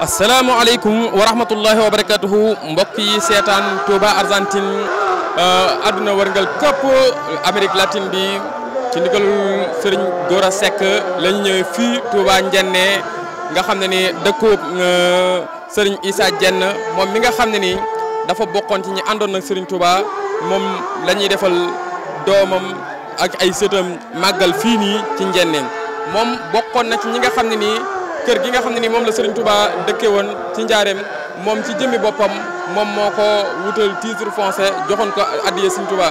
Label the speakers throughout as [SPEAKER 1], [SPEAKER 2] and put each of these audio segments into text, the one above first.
[SPEAKER 1] asalaamualeykum wa rahmatullahi wa barakatuhu mbokk yi seetaan Touba Argentine euh, àdduna wërngal këpp Amérique latine bi ci ndigalul sëriñ Gora Seck lañ ñëw fii Touba Njenne nga xam ne ni dëkkub euh, sëriñ Issa Dienne moom mi nga xam ne ni dafa bokkoon ci ñi àndoon nag sëriñ Touba moom la defal doomam ak ay sëtam màggal fii nii ci Njenne moom bokkoon na ci ñi nga xam ne nii kër gi nga xam ne ni moom la Serigne Touba dëkke woon ci njaareem moom ci jëmmi boppam moom moo ko wutal titre foncier joxoon ko addiya Serigne Touba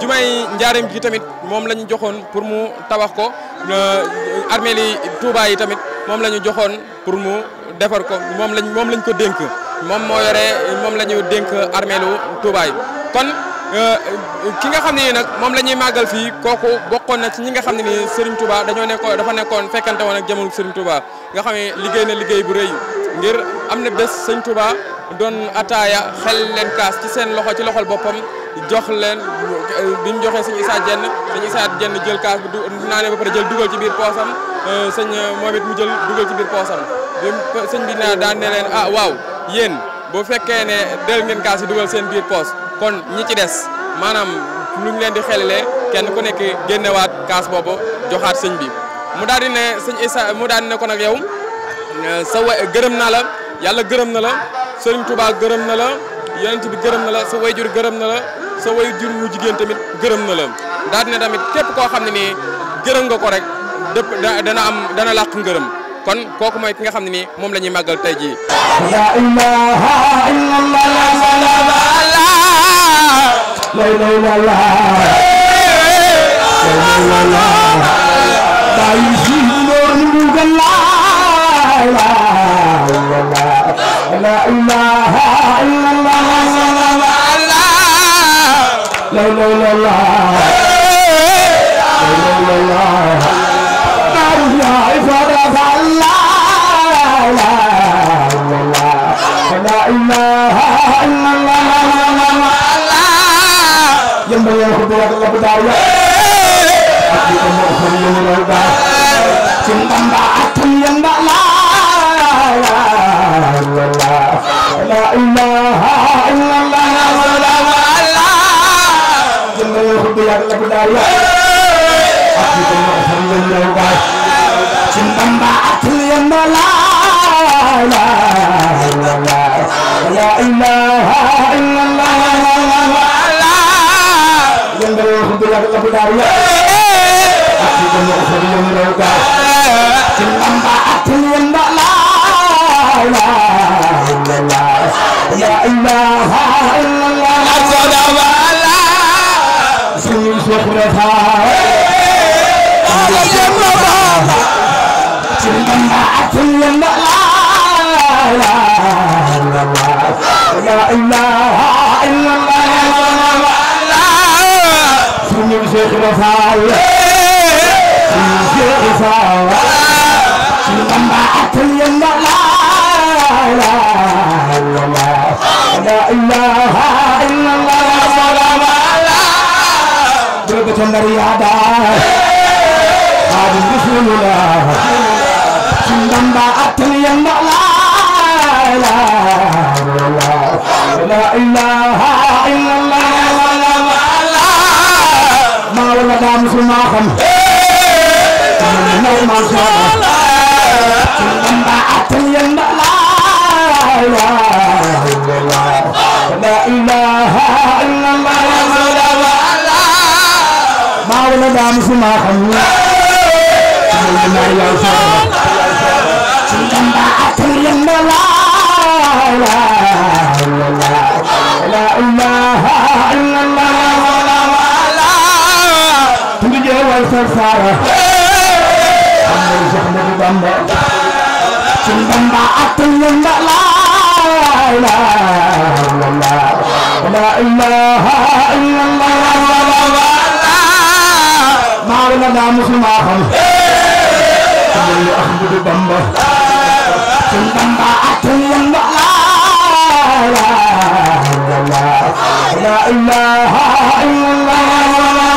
[SPEAKER 1] jumay njaareem gi tamit moom la ñu joxoon pour mu tabax ko euh, armée li yi tamit moom la ñu joxoon pour mu defar ko moom lañ moom lañ ko dénk moom moo yore moom la ñu dénk armée lu Touba yi kon Euh, ki nga xam ne nag moom la ñuy màggal fii kooku bokkoon na ci ñi nga xam ne nii sëriñ Touba dañoo nekkoon dafa nekkoon fekkante woon ak jamono Serigne Touba nga xam ne liggéey na liggéey bu rëy ngir am na bes Serigne Touba doon ataaya xel leen kaas ci seen loxo ci loxol boppam jox leen bi mu joxee sëñ Issa Diène sëñ Issa Diène jël kaas bi du naanee ba pare jël dugal ci biir poosam euh, sëñ euh, moom it mu jël dugal ci biir poosam bi sëñ bi naa daan ne leen ah waaw yéen bu fekkee ne del ngeen kaas yi dugal seen kon ñi ci des maanaam lu ñu leen di xelalee kenn ku nekk génnewaat kaas boobu joxaat sëñ bi mu daal di ne sëñ Issa mu daal di ne nag yow sa wa gërëm naa la yàlla gërëm na la sëriñ Touba gërëm na la yonent bi gërëm na la sa wayjur gërëm na la sa wayjur wu jigéen tamit gërëm na la daal di tamit képp koo xam ne nii gërëm nga ko rek dëpp dana am dana làq gërëm kon kooku mooy ki nga xam ne nii moom la ñuy màggal tey jii.
[SPEAKER 2] لا اله الا الله لا اله الا الله تعيشي نور نور لا اله الا الله لا اله الا الله لا اله الا الله لا اله الا الله نرجع فرح الله لا اله الا الله yàgg la bu daaw la ak di ko moom xam lu lool baax ci ndamba ak yanda la la ilaha illallah jënd yoo xam yàgg la bu daaw la ak di ko moom xam lu lool baax ci ndamba ak yanda la la ilaha la la la faal suñu jéegi faal suñu bamba atal yàlla la ilaha illallah درجة الرياضة هذا رسول الله سندم بأتني لا لا لا لا إله إلا Mansour moo xam. Mawal Mansour moo xam. Yamba at yamba laa laa ilaaha illallah. Mawal Mansour moo xam. Yamba at yamba laa laa ilaaha illallah. waral Sarsara. am na yu jox Ahmadu Bamba. suñ Bamba atul ñun da laa ilaaha illallah. maa ngi la daa musulmaa xam. am na yu Ahmadu Bamba. suñ Bamba atul ñun da laa ilaaha illallah.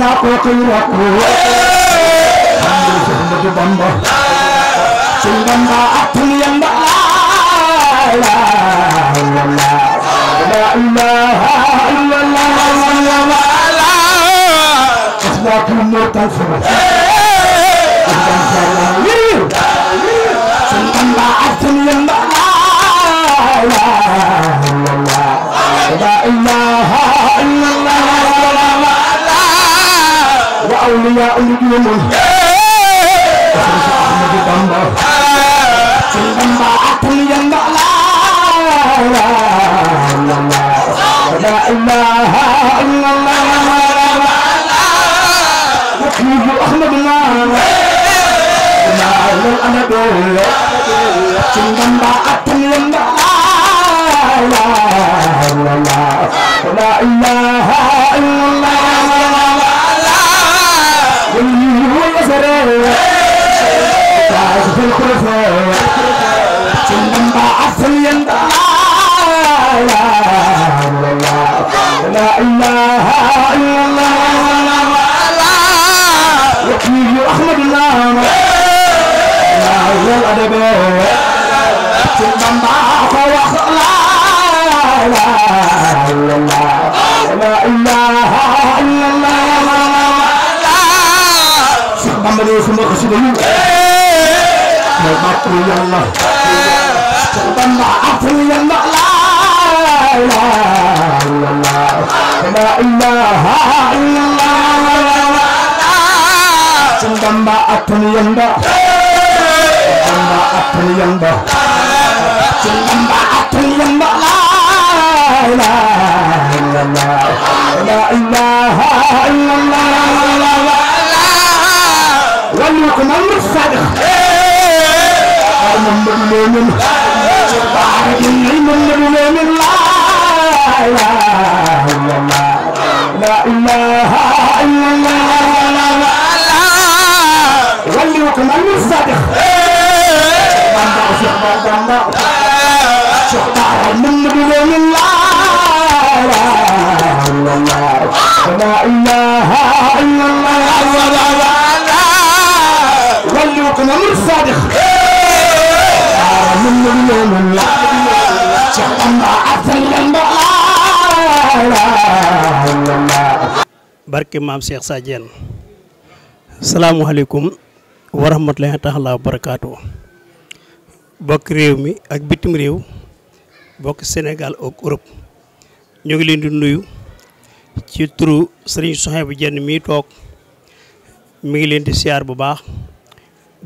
[SPEAKER 2] لا قوت الا بالله محمد بامبا سيدنا اقل يمبا لا لا اله الا الله ولا اخلاق الموت الفرس awliya awliya ñu mën Ahmadu Bamba Sëriñ Bamba akul yamba la la ilaha illa Allah يحييه أحمد الله لا لا أنا دولة سلم tàmbalee sama xasida yi ma bàkku yàlla dama àqu yàlla laa ilaaha illallah laa ilaaha illallah dama àqu yàlla dama àqu yàlla dama àqu yàlla laa ilaaha illallah laa ilaaha illallah wàllu na ko man ma saadax armam man moomin baara inni man man moomin laa ilaaha illallah laa ilaaha illallah wàllu na ko man ma saadax bamba cheikh ba bamba cheikh baara man man moomin laa ilaaha illallah laa ilaaha illallah barki امر صادق
[SPEAKER 3] من اليوم لا جمع عسل maam Cheikh Sadien salaamualeykum wa rahmatulahi taala wa barakaatu bokk réew mi ak bitim réew bokk Sénégal ak Europe ñu ngi leen di nuyu ci turu Serigne bu jenn mii toog mi ngi leen di siyaar bu baax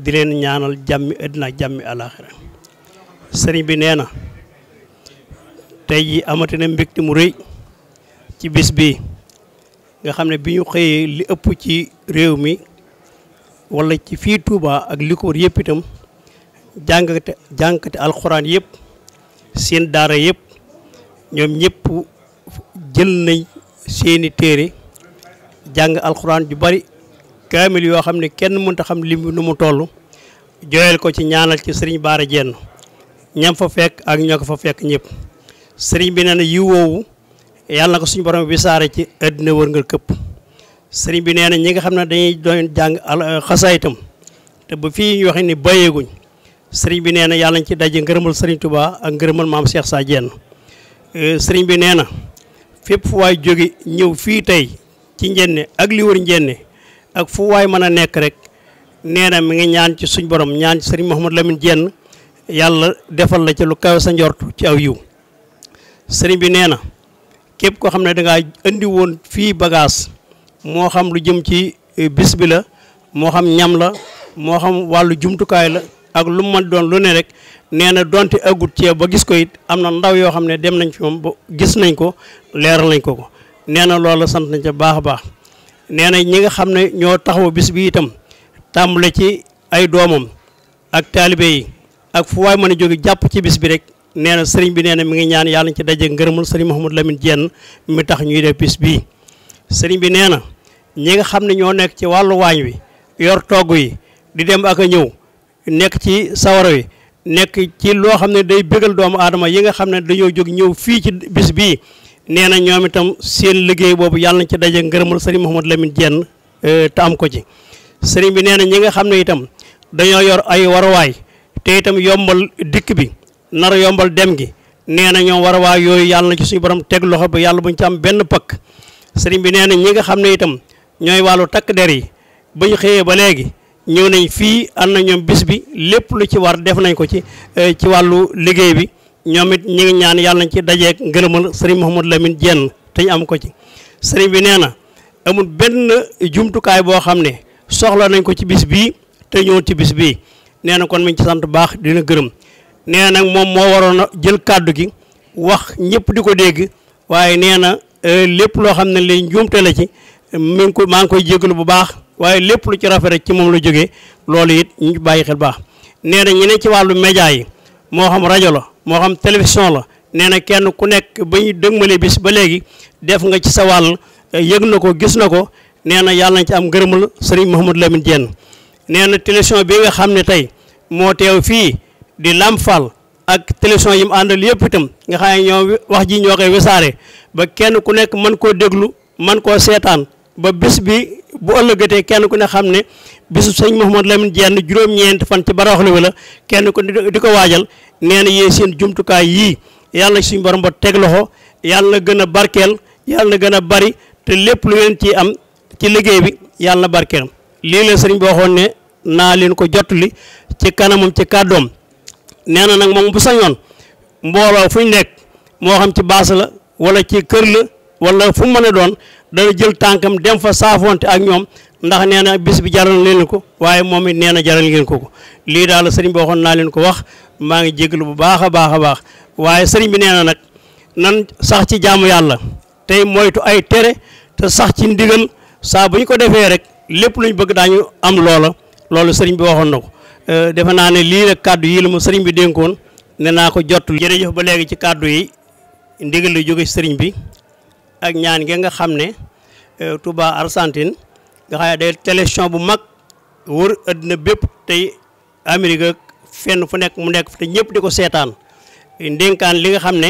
[SPEAKER 3] di leen ñaanal jàmmi àddina jàmmi alaaxira sëriñ bi nee na tey ji amati na mu rëy ci bis bi nga xam ne bi ñu xëyee li ëpp ci réew mi wala ci fii Touba ak likoor ko wër yëpp itam jàngate alxuraan yépp seen daara yépp ñoom ñëpp jël nañ seeni téere jàng alxuraan ju bari kaamil yoo xam ne kenn mënta xam lim nu mu toll jooyal ko ci ñaanal ci sëriñ Baara Jenn ñam fa fekk ak ñoo ko fa fekk ñëpp sëriñ bi nee na woowu yàlla na ko suñu borom wisaare ci àddina wërngal këpp sëriñ bi nee na ñi nga xam ne dañuy doon jàng euh, xasaayitam te bu fii ñu ni bayeeguñ sëriñ bi nee na yàlla nañ ci daje ngërëmal sëriñ Touba ak ngërëmal maam seex saa Diène euh, sëriñ bi nee na fépp fu waay jóge ñëw fii tey ci njenne ak li wër njenne ak fu waay mën a nekk rek nee na mi ngi ñaan ci suñ borom ñaan ci sëriñ Mouhamadou Lamine jenn yàlla defal la ca lu kawe sa njort ci aw yiw sëriñ bi nee na képp koo xam ne dangaa indi woon fii bagaas moo xam lu jëm ci eh, bis bi la moo xam ñam la moo xam wàllu jumtukaay la ak lu ma doon lu ne rek nee na donte agut ceeb ba gis ko it am na ndaw yoo xam ne dem nañ fi moom ba gis nañ ko leeral nañ ko ko nee na loola sant nañ ca baax a baax nee na ñi nga xam ne ñoo taxaw bis bi itam tàmbule ci ay doomam ak taalibe yi ak fu waay mën a jóge jàpp ci bis bi rek nee na sëriñ bi nee na mi ngi ñaan yàlla ci daje ngërëmul sëriñ Mouhamadou Lamine Diène mi tax ñuy def bis bii sëriñ bi nee na ñi nga xam ne ñoo nekk ci wàllu waañ wi yor togg yi di dem ak a ñëw nekk ci sawara wi nekk ci loo xam ne day bégal doomu aadama yi nga xam ne dañoo jóg ñëw fii ci bis bii nee na ñoom itam seen liggéey boobu yàlla na ci daje ngërëmal sëriñ Mouhamadou Lamine Diène euh, te am ko ci sëriñ bi nee na ñi nga xam ne itam dañoo yor ay waruwaay te itam yombal dikk bi nar yombal dem gi nee na waruwaay yooyu yàlla ci suñu borom teg loxo ba yàlla buñ ci am benn pakk sëriñ bi nee na ñi nga xam ne itam ñooy wàllu takk der yi ba ñu xëyee ba léegi ñëw nañ fii am na ñoom bis bi lépp lu ci war def nañ ko ci euh, ci wàllu liggéey bi ñoom it ñu ngi ñaan yàlla nañ ci dajeeg ngërëmal sëriñ Mouhamadou Lamine Diène te ñu am ko ci sëriñ bi nee na amul benn jumtukaay boo xam ne soxla nañ ko ci bis bii te ñëw ci bis bii nee na kon mi ci sant baax dina gërëm nee nag moom moo waroon jël kàddu gi wax ñëpp di ko dégg waaye nee na euh, lépp loo xam ne li njuumte la ci mi ngi maa ngi koy jégalu bu baax waaye lépp lu ci rafet ci moom la jógee loolu it ñu bàyyi xel baax nee na ñu ne ci wàllu média yi moo xam rajo la moo xam télévision la nee na kenn ku nekk ba ñu dëgmale bis ba léegi def nga ci sa wàll eh, yëg na ko gis na ko nee na yàlla na ci am ngërëmal sëriñ Mouhamadou Lamine Diène nee na télévision bi nga xam ne tey moo teew fii di Lamp Fall ak télévision yi mu àndal yëpp itam nga xam ne ñoom wax ji ñoo koy wisaare ba kenn ku nekk mën koo déglu mën koo seetaan ba bis bi bu ëllëgatee kenn ku ne xam ne bisu sëñ Mouhamadou Lamine Diène juróom-ñeent fan ci baraxlu wi la kenn ku di ko waajal nee na yéen seen jumtukaay yii yàlla na suñu borom ba teg loxo yàlla gën a barkeel yàlla na gën a bari te lépp lu ngeen ci am ci liggéey bi yàlla na barkeel lii la sëriñ bi waxoon ne naa leen ko jot li ci kanamam ci kàddoom nee na nag moom bu sañoon mbooloo fu ñu nekk moo xam ci baas la wala ci kër la wala fu mu mën a doon dana jël tànkam dem fa saafoonte ak ñoom ndax nee na bis bi jaral leen ko waaye moom it nee na jaral ngeen ko ko lii daal sëriñ bi waxoon naa leen ko wax maa ngi jégalu bu baax a baax a baax waaye sëriñ bi nee nag nan sax ci jàmm yàlla tey moytu ay tere te sax ci ndigal saa bu ñu ko defee rek lépp lu bëgg daañu am loola loolu sëriñ bi waxoon na ko euh, defe naa ne lii nag kàddu yi la ma sëriñ bi dénkoon ne naa ko jot jërëjëf ba léegi ci kàddu yi ndigal la jóge sëriñ bi ak ñaan gi nga xam ne euh, tubaa Argentine nga xam ne day bu mag wër addina bépp tey Amérique fenn fu nekk mu nekk te ñëpp di ko seetaan ndénkaan li nga xam ne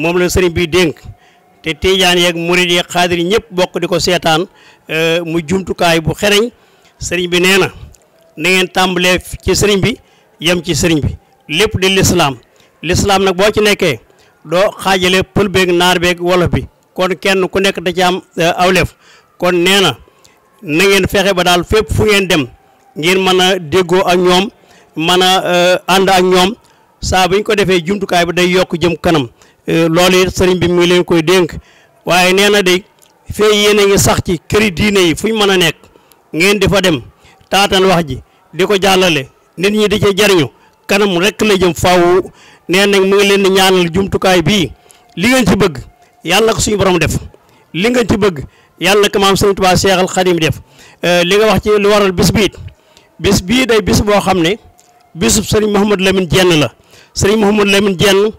[SPEAKER 3] moom la sëriñ bi dénk te tiijaan yeeg murid yeeg xaadir yi ñëpp bokk di ko seetaan euh, mu jumtukaay bu xereñ sëriñ bi nee na na ngeen tàmbalee ci sëriñ bi yem ci sëriñ bi lépp di lislaam lislaam nag boo ci nekkee doo xaajale pël beeg naar beek wolof bi kon kenn ku nekk da ci am euh, awlef kon nee na na fexe ba daal fépp fu ngeen dem ngeen mën a déggoo ak ñoom mën a euh, ànd ak ñoom saa bu ñu ko defee jumtukaay bi day yokk jëm kanam euh, loolu it sëriñ bi mu ngi leen koy dénk waaye nee na de fee yéen a ngi sax ci këri diine yi fu ñu mën a nekk ngeen di fa dem taatan wax ji di ko jàllale nit ñi di ci jariñu kanam rek la jëm faaw nee na mu ngi leen di ñaanal jumtukaay bii li ngeen ci bëgg yàlla ko suñu borom def li ngeen ci bëgg yàlla ko maam sëriñ Tuubaa Seexal Xadim def euh, li nga wax ci lu waral bis bii bis bii da bis boo xam ne. bisub sëriñ Mouhamadou Lamine Dieng la sëriñ Mouhamadou Lamine Dieng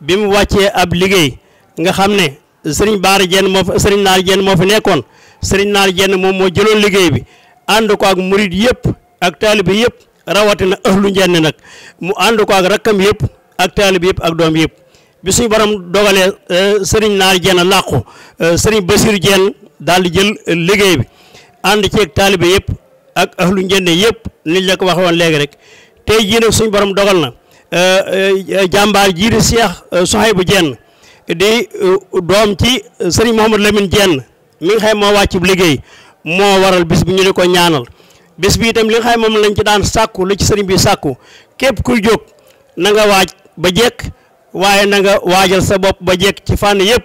[SPEAKER 3] bi mu wàccee ab liggéey nga xam ne sëriñ Baara jenn moo fa sëriñ moo fi nekkoon sëriñ Naar Dieng moom moo jëloon liggéey bi ànd ko ak murid yëpp ak taalibe yëpp rawatina ahlu Dieng nag mu ànd ko ak rakkam yëpp ak taalibe yëpp ak doom yëpp bi suñu borom dogalee euh, sëriñ Naar Dieng làqu euh, sëriñ Basiir Dieng daal di jël liggéey bi ànd ceeg taalibe yëpp ak ahlu Dieng yëpp liñ la ko waxee léegi rek. tey jii nag suñu borom dogal na euh, euh, euh, jàmbaar jii di Cheikh bu jenn di doom ci sëriñ Mouhamadou Lamine jenn mi nga xam moo wàcc bu liggéey moo waral bis bi ñu di ko ñaanal bis bi itam li nga xam moom lañ ci daan sàkku la ci sëriñ bi sàkku képp kuy jóg nanga waaj ba jekk waaye na nga waajal sa bopp ba jekk ci fànn yëpp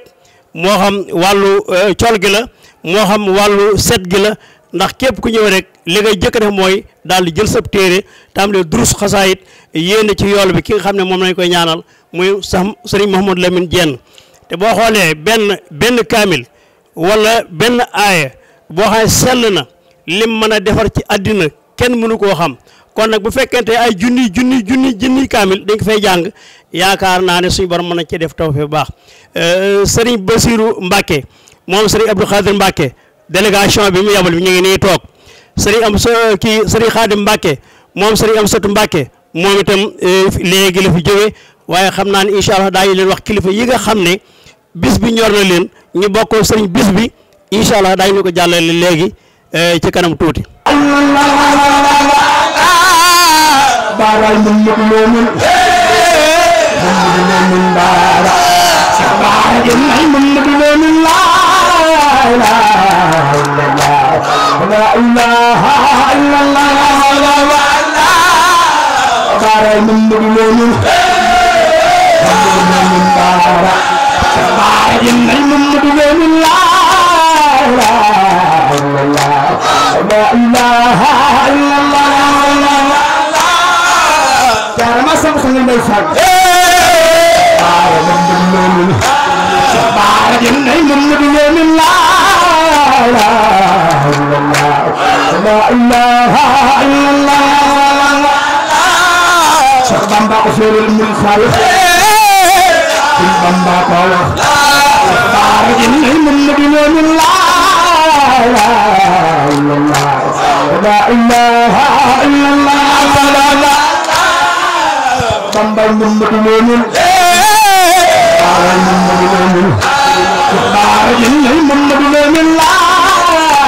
[SPEAKER 3] moo xam wàllu col gi la moo xam wàllu set gi la ndax képp ku ñëw rek li ngay jëkk def mooy daal di jël sab téere tam de durus xasaayit yéene ci yool bi ki nga xam ne moom lañ koy ñaanal muy sax sëriñ Mouhamadou Lamine Diène te boo xoolee benn benn kaamil wala benn aaya boo xam ne sell na lim mën a defar ci àddina kenn mënu koo xam kon nag bu fekkente ay junni junni junni junni kaamil dañ ko fay jàng yaakaar naa ne suñu borom mën na ci def taw fi bu baax euh, sëriñ Basirou Mbacke moom sëriñ Abdou Khadir Mbacke délégation bi mu bi ñu ngi nii toog sëriñ am sa kii sëriñ Xaadim Mbàkke moom sëriñ am satu Mbàkke moom itam eh, léegi la fi jóge waaye xam naa ne incha allah daañu leen wax kilifa yi nga xam ne bis bi ñor na leen ñu bokkoo sëriñ bis bi incha allah daañu ko jàllale léegi eh, ci kanam tuuti.
[SPEAKER 2] ilaha illa allah kare min mudulonu mudulonu bara bare min mudulonu la la ilaha illa allah kare ma sam xene ndey fag bare min mudulonu bare min mudulonu la سير المنصرف كل بمبا قوة بارك العلم النبي من الله لا إلا الله لا إله إلا الله لا لا بمبا النبي من بارك العلم النبي من الله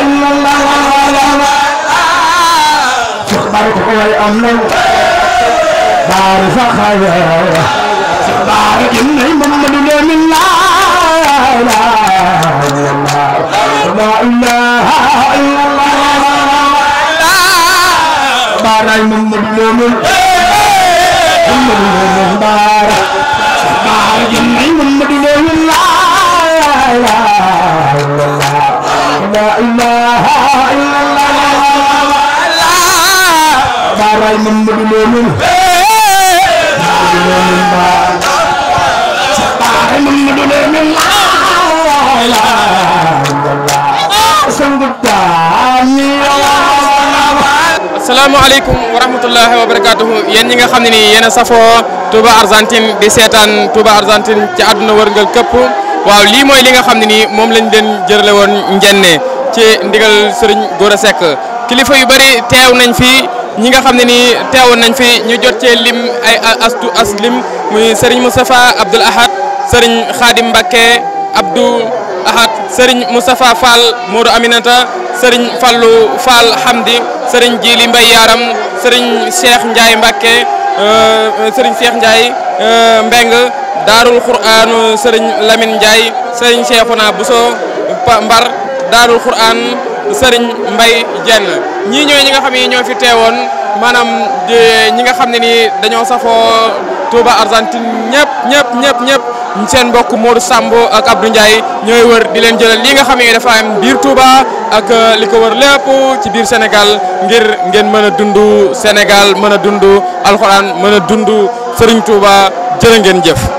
[SPEAKER 2] إلا الله تخبرك وي أمنو بارز خير تخبرك إني محمد لا من لا لا لا إله إلا الله باراي محمد لا من محمد لا من ray Mamadou Lo ñun. Mamadou Lo ñun baay. sa baay Mamadou Lo ñun
[SPEAKER 1] laay laay. sangu taami asalaamaaleykum wa rahmatullahi wa barakaatuhu yéen ñi nga xam ne nii yéen a safoo Touba Argentine di seetaan Touba Argentine ci àdduna wërngal këpp waaw lii mooy li nga xam ne nii moom lañ leen jërale woon njenne ci ndigal Serigne Gora Seck kilifa yu bari teew nañ fi. ñi nga xam ne ni teewoon nañ fi ñu jot cee lim ay astu as lim muy Serigne Moustapha Abdoul Ahad Serigne Khadim Mbacké Abdou Ahad Serigne Moustapha Fall Modou Aminata Serigne Fallou Fall Hamdi Serigne Djili Mbaye Yaram Serigne Cheikh Ndiaye Mbacké euh, euh, Serigne Cheikh Ndiaye euh, Mbeng Daarul Qur'an Serigne Lamine Ndiaye Serigne Cheikhouna Bousso Mbar Daarul Qur'an sëriñ Mbay Jenn ñii ñooy ñi nga xam ne ñoo fi teewoon maanaam di ñi nga xam ne nii dañoo safoo Touba Argentine ñëpp ñëpp ñëpp ñëpp seen mbokk Modou Samb ak Abdou Ndiaye ñooy wër di leen jëlal lii nga xam ne dafa am biir Touba ak euh, li ko wër lépp ci biir Sénégal ngir ngeen mën a dund Sénégal mën a dund alxuraan mën a dund
[SPEAKER 2] Sëriñ Touba jërë ngeen jëf.